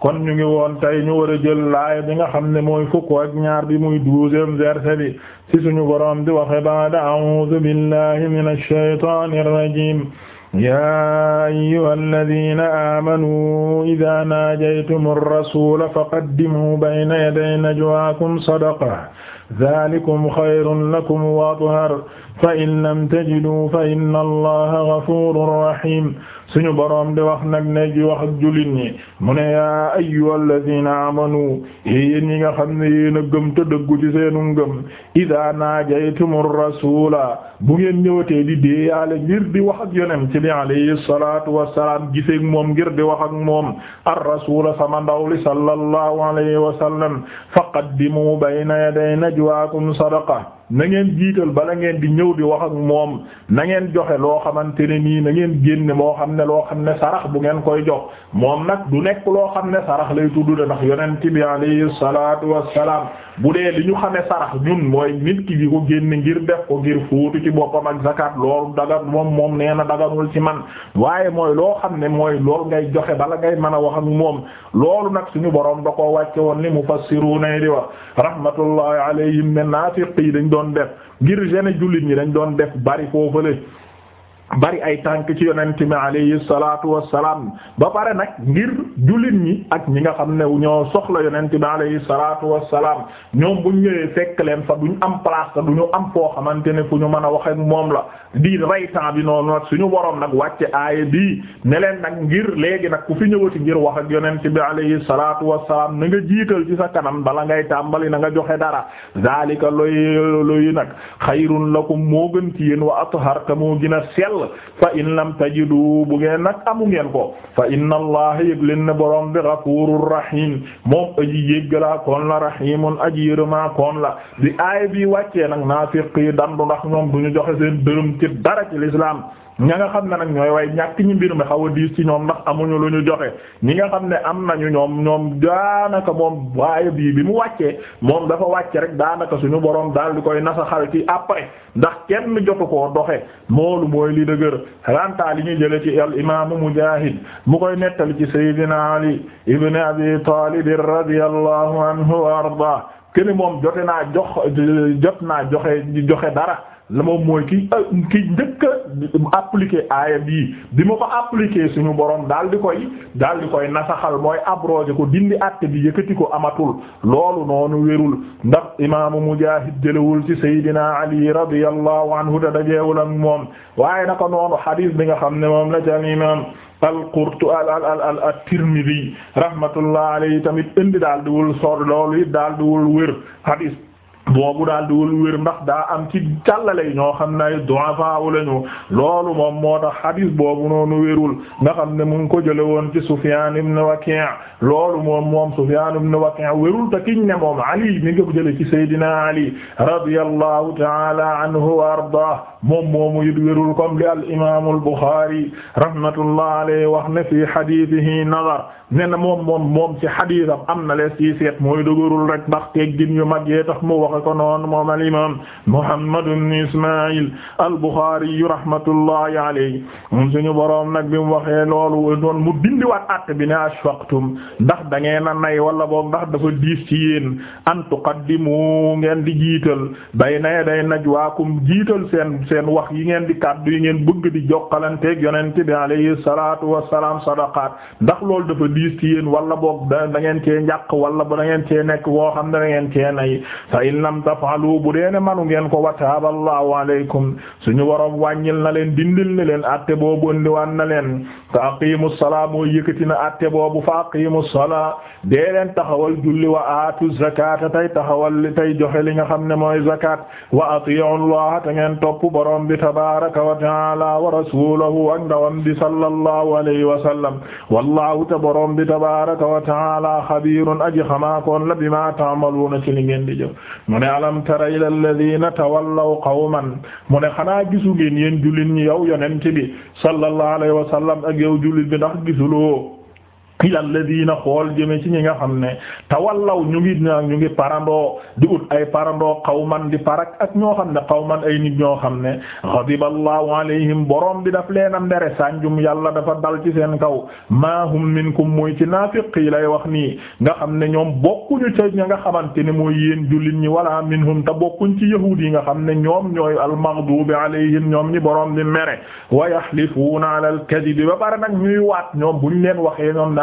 kon ñu ngi woon tey ñu war a jël laaya bi nga xam ne mooy fukk ak ñaar bi muy douzième verset bi ci suñu boroom di waxe baada a'uudu billahi minash shaytaanir rajiim yaa ayyuhal ladiina aamanuu idaa naajaytumur rasuula faqaddimuu bayna yaday najwaakum sadaqa zaalikum xayrun lakum wa athar fa in lam tajiduu fa inna allaha gafuurun rahiim suñu boroom di wax nag ne ji wax ak jullit yi mu ne yaa ayyuhal amanu yéen ñi nga xam ne yéen a gëm te dëggu ci seenu ngëm idaa naajaytumur rasuula bu ngeen ñëwatee di déeyaale ngir di wax ak yonem ci bi alayhi salaatu wassalaam giseek moom ngir di wax ak moom ar rasuula sama ndaw li sallallahu alayhi wa sallam faqaddimu bayna yaday najwaakum sadaqa na ngeen jiital bala ngeen di ñëw di wax ak moom na ngeen joxe loo xamante ne nii na ngeen génne moo xam ne loo xam ne sarax bu ngeen koy jox moom nag du nekk loo xam ne sarax lay tudd de ndax yonent bi alayhi salaatu wassalaam bu dee li ñu xamee sarax ñun mooy nit ki di ko génn ngir def ko ngir fóotu ci boppam ak zakat loolu dagan moom moom nee na daganul ci man waaye mooy loo xam ne mooy loolu ngay joxe bala ngay mën a wax ak moom loolu nag suñu boroom da ko wàcce woon li mufassiruna di wax rahmatullahi alayhim ne naafiq yi dañ doon def ngir gene jullit ñi dañ doon def bari foofale bari ay tànk ci yonent mi alayhi salaatu salaam ba pare nag ngir jullit ñi ak ñi nga xam ne ñoo soxla yonent mi alayhi salaatu salaam ñoom bu ñëwee fekk leen fa duñ am place te duñu am foo xamante ne fu ñu mën a wax ak moom la di rey temps bi noonu nag suñu waroon nag wàcce aaya bii ne leen nag ngir léegi nag ku fi ñëwati ngir wax ak yonent bi alayhi salaatu wassalaam na nga jiital ci sa kanam bala ngay tàmbali na nga joxe dara zalika loy nag xayrun lakum moo gën ci yéen wa a sell sell fa in lam tajidu bu ngeen nag amu ngeen ko fa inna allaha yëg leen ne borom bi ghafurur rahim moom aji yéggalaa koon la rahimun aji yërëmaa koon la di ay bi wàccee nag naafiq yi dandu ndax ñoom duñu joxe seen dërëm ci dara ci ña nga xam ne nag ñooy waaye ñàkk ñi mbir mi xaw a diis ci ñoom ndax amuñu lu ñu joxe ñi nga xam ne am nañu ñoom ñoom daanaka moom waaye bii bi mu wàccee moom dafa wàcc rek daanaka suñu borom daal di koy nasaxal ci après ndax kenn jotu koo doxe moolu mooy li dëgër ranta li ñu jële ci al imaamu Mujaahid mu koy nettali ci Seydina Ali ibn Abi Taalib radiyallahu anhu wa arda kene moom jote naa jox jot naa joxe joxe dara la moom mooy ki euh, ki njëkk a appliqué aaya bii di ma ko appliqué suñu borom daal di koy daal di koy nasaxal mooy abrogé ko dindi àtte bi yëkkati ko amatul loolu noonu wérul ndax imaamu Mujaahid jëlewul ci Seydina Ali radiyallahu anhu da dajeewul ak moom waaye naka noonu xadiis bi nga xam ne moom la ca imaam al-Qurtu al al al al at-Tirmidhi rahmatullah alayhi tamit indi daal di wul sor loolu it daal wul wér xadiis boobu daal di wir wér daa am ci càllale ñoo xam ne ay du'afa lañu loolu moom moo tax xadiis boobu noonu wérul nga xam ne mu ngi ko jële woon ci Sufyaan ibn Waki' loolu moom moom Sufyaan ibn Waki' wérul te kiñ ne moom Ali mi ngi ko jële ci Seydina Ali radiyallahu ta'ala anhu wa ardaah moom moomu it wérul comme li al imaam al Buxaari rahmatullah alayhi wax ne fii xadiisihi nazar ne na moom moom moom ci xadiisam am na lees ci seet mooy dëgërul rek ndax teggin yu mag yee tax mu waxe ko noonu moom al imam Muhammad ibn Ismail al-Bukhari rahmatullahi alayhi moom suñu boroom nag bi mu waxee loolu doon mu dindiwaat att bi ne ashfaqtum ndax da ngeen a nay walla boog ndax dafa diis ci yéen an tuqaddimu ngeen di jiital bay nay day najwaakum jiital seen seen wax yi ngeen di kàddu yi ngeen bëgg di jokkalanteeg yonent bi alayhi salaatu wassalaam sadaqaat ndax diis ci yéen wala boog da da ngeen cee njàq wala ba da ngeen cee nekk woo xam ne da ngeen cee nay fa in lam tafalu bu deene manu ngeen ko wa taaballahu alaykum suñu waroom wàññil na leen dindil ne leen atte boobu ëndiwaan na leen fa aqimu salaa moo yëkkati na atte boobu fa aqimu salaa dee leen taxawal julli wa aatu zakata tay taxawal tay joxe li nga xam ne mooy zakat wa atiyu allah ta ngeen topp borom bi tabaraka wa taala wa rasulahu ak ndawam bi sallallahu alayhi wa sallam wallahu borom bi tabaaraka wa ta'aala xabiirun aji xamaakoon la bimaa ta'maluuna ci li ngeen di jëf mu ne alam tara ila alladhiina tawallaw qawman mu ne xanaa gisu ngeen yéen jullit ñi yow yonent bi sallallahu alayhi wa sallam ak yow jullit bi ndax gisuloo ila alladina xool jëme ci ñi nga xam ne tawallaw ñu ngi ñu ngi parandoo di ut ay parandoo qawman di par ak ñoo xam ne qawman ay nit ñoo xam ne ghadiballahu alayhim boroom bi daf leena ndere sànjum yàlla dafa dal ci seen kaw ma hum minkum muy ci naafiq yi wax nii nga xam ne ñoom bokkuñu ca ña nga xamante ne mooy yéen jullit ñi wala minhum te bokkuñ ci yahuud yi nga xam ne ñoom ñooy almaghdubi alayhim ñoom ñi borom bi mere wa yahlifuuna ala alkadibi ba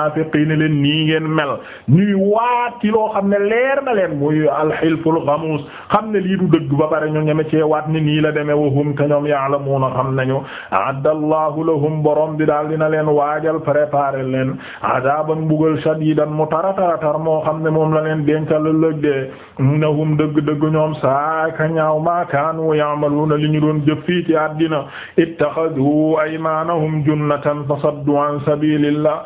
munaafiqiin leen nii ngeen mel ñuy waat ci loo xam ne leer na leen muy alxilful xamuus xam ne lii du dëgg ba pare ñu ñeme cee waat ni nii la demee wa hum te ñoom ya'lamuuna xam nañu addallahu lahum borom bi daal dina leen waajal préparer leen adaaban mbugal shadiidan mu tarataratar moo xam ne moom la leen dencal lëg de innahum dëgg-dëgg ñoom saaka ñaaw maa kaanu ya'maluuna li ñu doon jëf fii ci àddina ittaxadu aymaanahum junnatan fasaddu an sabiilillah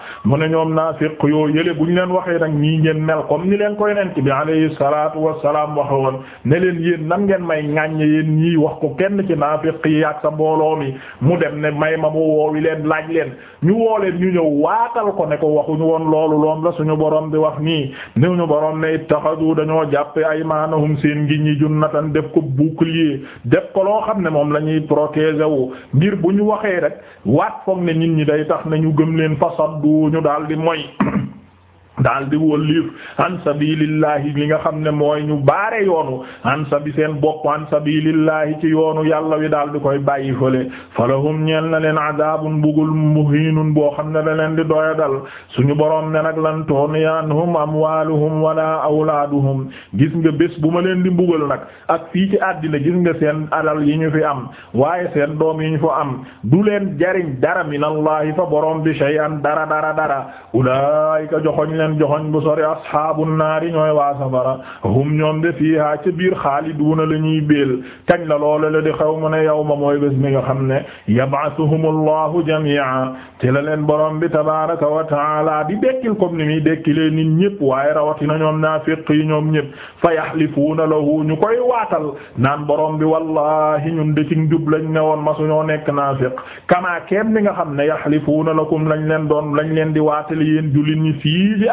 ñoom naafiq yoo yële bu ñu leen waxee nag ñii ngeen mel comme ni leen ko yonent bi alayhi salaatu wassalaam waxe woon ne leen nan ngeen may ŋàññe yéen ñii wax ko kenn ci naafiq yi ak sa mbooloo mi mu dem ne may ma mu woowi leen laaj leen ñu woo leen ñu ñëw waatal ko ne ko waxuñu woon loolu loom la suñu boroom di wax nii ni ñu borom ne ittaxadu dañoo ay aymaanahum seen ngi ñi junnatan def ko bouclier def ko loo xam ne moom la ñuy protéger wu ngir bu ñu waxee mooy daal di wëlliif an sabilillahi li nga xam ne mooy ñu baare yoonu an sabi seen bopp an sabilillahi ci yoonu yàlla wi daal di koy bàyyi fële falahum ñeel na leen adabun bugul muhiinun boo xam ne da leen di doya dal suñu boroom ne nag lan tooniyaanhum amwaluhum wala awlaaduhum gis nga bés bu ma leen di mbugal nag ak fii ci àddina gis nga seen alal yi ñu fi am waaye seen doom yi ñu fa am du leen jariñ dara minallahi fa boroom bi shay'an dara dara dara ulaayika leen joxoñ bu sori asxaabun naari ñooy waa safara hum ñoom de fiihaa ca biir xaaliduuna la ñuy béel kañ la loolu la di xew mu ne yawma mooy bés mi nga xam ne yab'athuhumu allahu jamii'a ci la leen ba bi tabaaraka wa ta'aala di dekkil comme ni muy dekkilee nit ñëpp waaye rawatina ñoom naafiq yi ñoom ñëpp fa yahlifuuna lahu ñu koy waatal naan borom bi wallahi ñun de ci njub lañ ne woon masu ñoo nekk naafiq kamaa keem ni nga xam ne yahlifuuna lakum lañ leen doon lañ di waatal yéen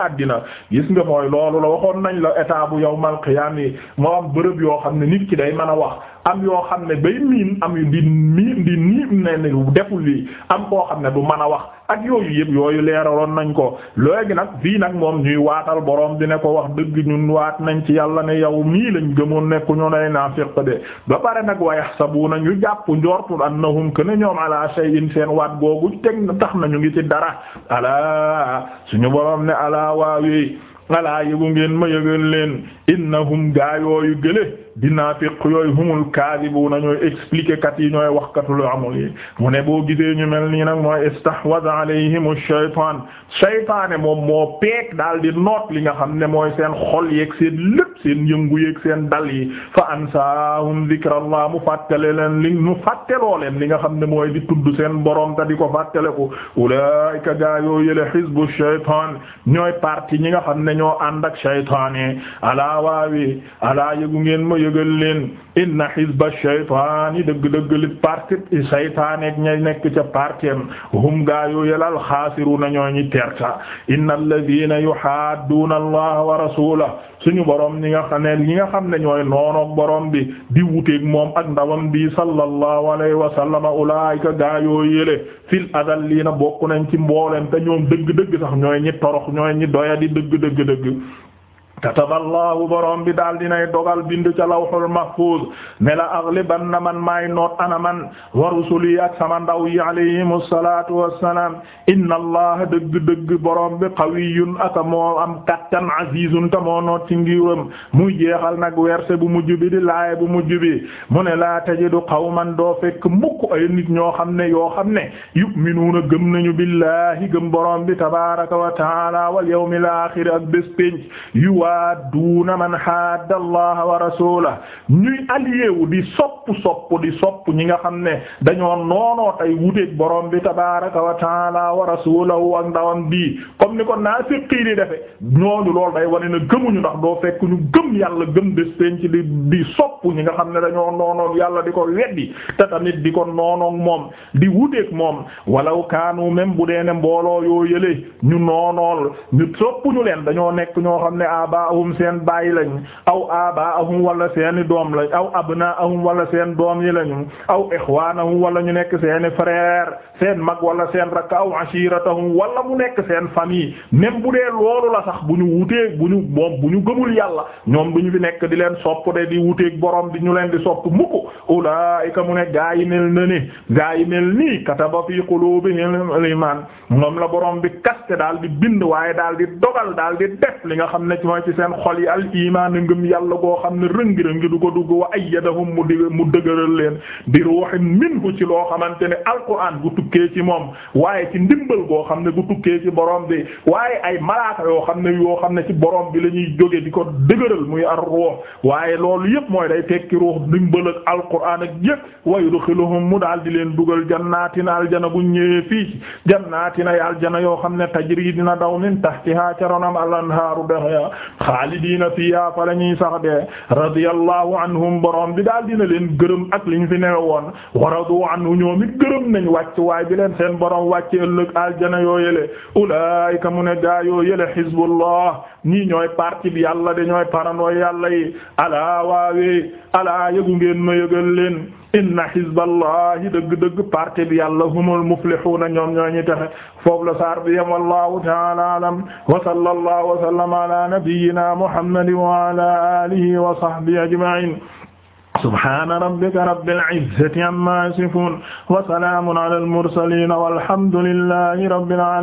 àddina gis nga mooy loolu la waxoon nañ la état bu yawmal qiyaam yi moo am bërëb yoo xam ne nit ci day mën a wax am yoo xam ne bay miin am yu di miin di niim ne ne deful lii am koo xam ne du mën a wax ak yooyu yëpp yooyu leeraloon nañ ko léegi nag fii nag moom ñuy waatal boroom di ne ko wax dëgg ñun waat nañ ci yàlla ne yow mii lañ gëmoon nekku ñu nay naafiq de ba pare nag wa yahsabuna ñu jàpp njortul annahum kana ñoom ala shay'in seen waat googu teg tax nañu ngi ci dara ala suñu boroom ne ala waawi ala yëgu ngeen ma yëgal leen gaa yooyu gële di naafiq yooyu humul kaadibuuna ñooy expliquer kat yi ñooy waxkatu lu amul yi mu ne boo gisee ñu mel nii nag mooy istahwada alayhimu shaytaan shaytaane moom moo peek daal di noot li nga xam ne mooy seen xol yeeg seen lépp seen yëngu yeeg seen dal yi fa ansaahum zikrallah mu fàttale leen li mu fàtteloo leen li nga xam ne mooy di tudd seen borom ta di ko fàttale ko ulaa'ika gaa yoo yële hizbu shaytaan ñooy parti ñi nga xam ne ñoo ànd ak shaytaane alaa waawi alaa yëgu ngeen yëgal leen inna hizba shaytaani dëgg-dëgg li parti saytaane ak ña nekk ca partem hum gaa yu yelal xaasiruna ñoo ñi terta inna alladhina yuhaadduuna allaha wa rasulahu suñu borom ñi nga xam ne ñi nga xam ne ñooy noonoog borom bi di wuteeg moom ak ndawam bi sallallahu alayhi wa sallam ulaayika gaa yoo yële fil adallina bokk nañ ci mboolem te ñoom dëgg-dëgg sax ñooy ñi torox ñooy ñi doya di dëgg-dëgg-dëgg kataballaahu borom bi daal dinay dogal bind ca lawhul mahfuz ne la aghlibanna man maay noot ana man wa rusuli ak sama ndaw yi alayhimu salaatu wassalaam inna allah dëgg-dëgg borom bi qawiyyun aka moo am kattan azizun ta moo noot ci ngiiram muy jeexal nag verset bu mujj bi di laaya bu mujj bi mu ne laa tajidu qawman doo fekk mukk ay nit ñoo xam ne yoo xam ne yu'minuuna gëm nañu billaahi gëm borom bi tabaaraka wa taala wal yawmil aaxir ak bés pénc yuwaadduuna man haadda allaha wa rasulahu ñuy allié wu di sopp sopp di sopp ñi nga xam ne dañoo noonoo tey wuteeg borom bi tabaaraka wa taala wa rasulahu ak ndawam bi comme ni ko naafiqi di defe ñooñu loolu day wane na gëmuñu ndax doo fekk ñu gëm yàlla gëm des penc di di sopp ñi nga xam ne dañoo noonoon yàlla di ko weddi te tamit di ko noonoon moom di wuteeg moom walaw kaanu même bu dee ne mbooloo yoo yële ñu noonool ñu sopp leen dañoo nekk ñoo xam ne abaahum seen baay lañ aw abaahum wala seeni doom lañ aw abnaahum wala seen doom yi lañu aw ixwaanahum wala ñu nekk seeni frère seen mag wala seen rakk aw ashiratahum wala mu nekk seen famille même bu dee loolu la sax bu ñu wuteeg bu ñu moom bu ñu gëmul yàlla ñoom bu ñu fi nekk di leen sopp de di wuteek boroom di ñu leen di sopp mukk ulaayika mu ne gaa yi na ni gaa nii kataba fi qulubihimul iman moom la borom bi kaste daal di bind waaye ne ci mooy ci seen xol yi al imaan ngëm yàlla goo xam ne rëngi-rëngi du ko dugg wa ayyadahum mu di mu dëgëral leen bi ruuhin minhu ci loo xamante ne alquran gu tukkee ci moom waaye ci ndimbal goo xam ne gu tukkee ci borom bi waaye ay malaata yoo xam ne yoo xam ne ci boroom bi la ñuy jóge di ko dëgëral muy ar ruux waaye loolu yëpp mooy day tekki ruux ndimbal ak alquran ak yëpp wa yudxiluhum mu daal di leen dugal jannatina aljana bu ñëwee fii jannatina aljana yoo xam ne tajri dina daw min tahtiha caronam al anhaaru xaalidiina fiihaa fa la ñuy sax de radiyallahu anhum borom bi daal dina leen gërëm ak liñ fi newe woon waradu anhu ñoom it gërëm nañu wàcc waay bi leen seen borom wàcce ëllëg aljana yoo yële ulaayika mu ne gaa yoo yële xizbullah ñii ñooy parti bi yàlla de ñooy paranooy yàlla yi alaa waawee alaa yëgu ngeen ma yëgal leen inna hizballahi dëgg-dëgg parti bi yàlla humul muflihuna ñoom ñoo ñu taxe foofu la saar bi yam wallahu ta'ala alam wa sallallahu wa sallama ala nabiyyina muhammadin wa ala alihi wa sahbihi ajma'in subhana rabbika rabbil izzati amma yasifun wa salamun ala al mursalin walhamdulillahi rabbil alamin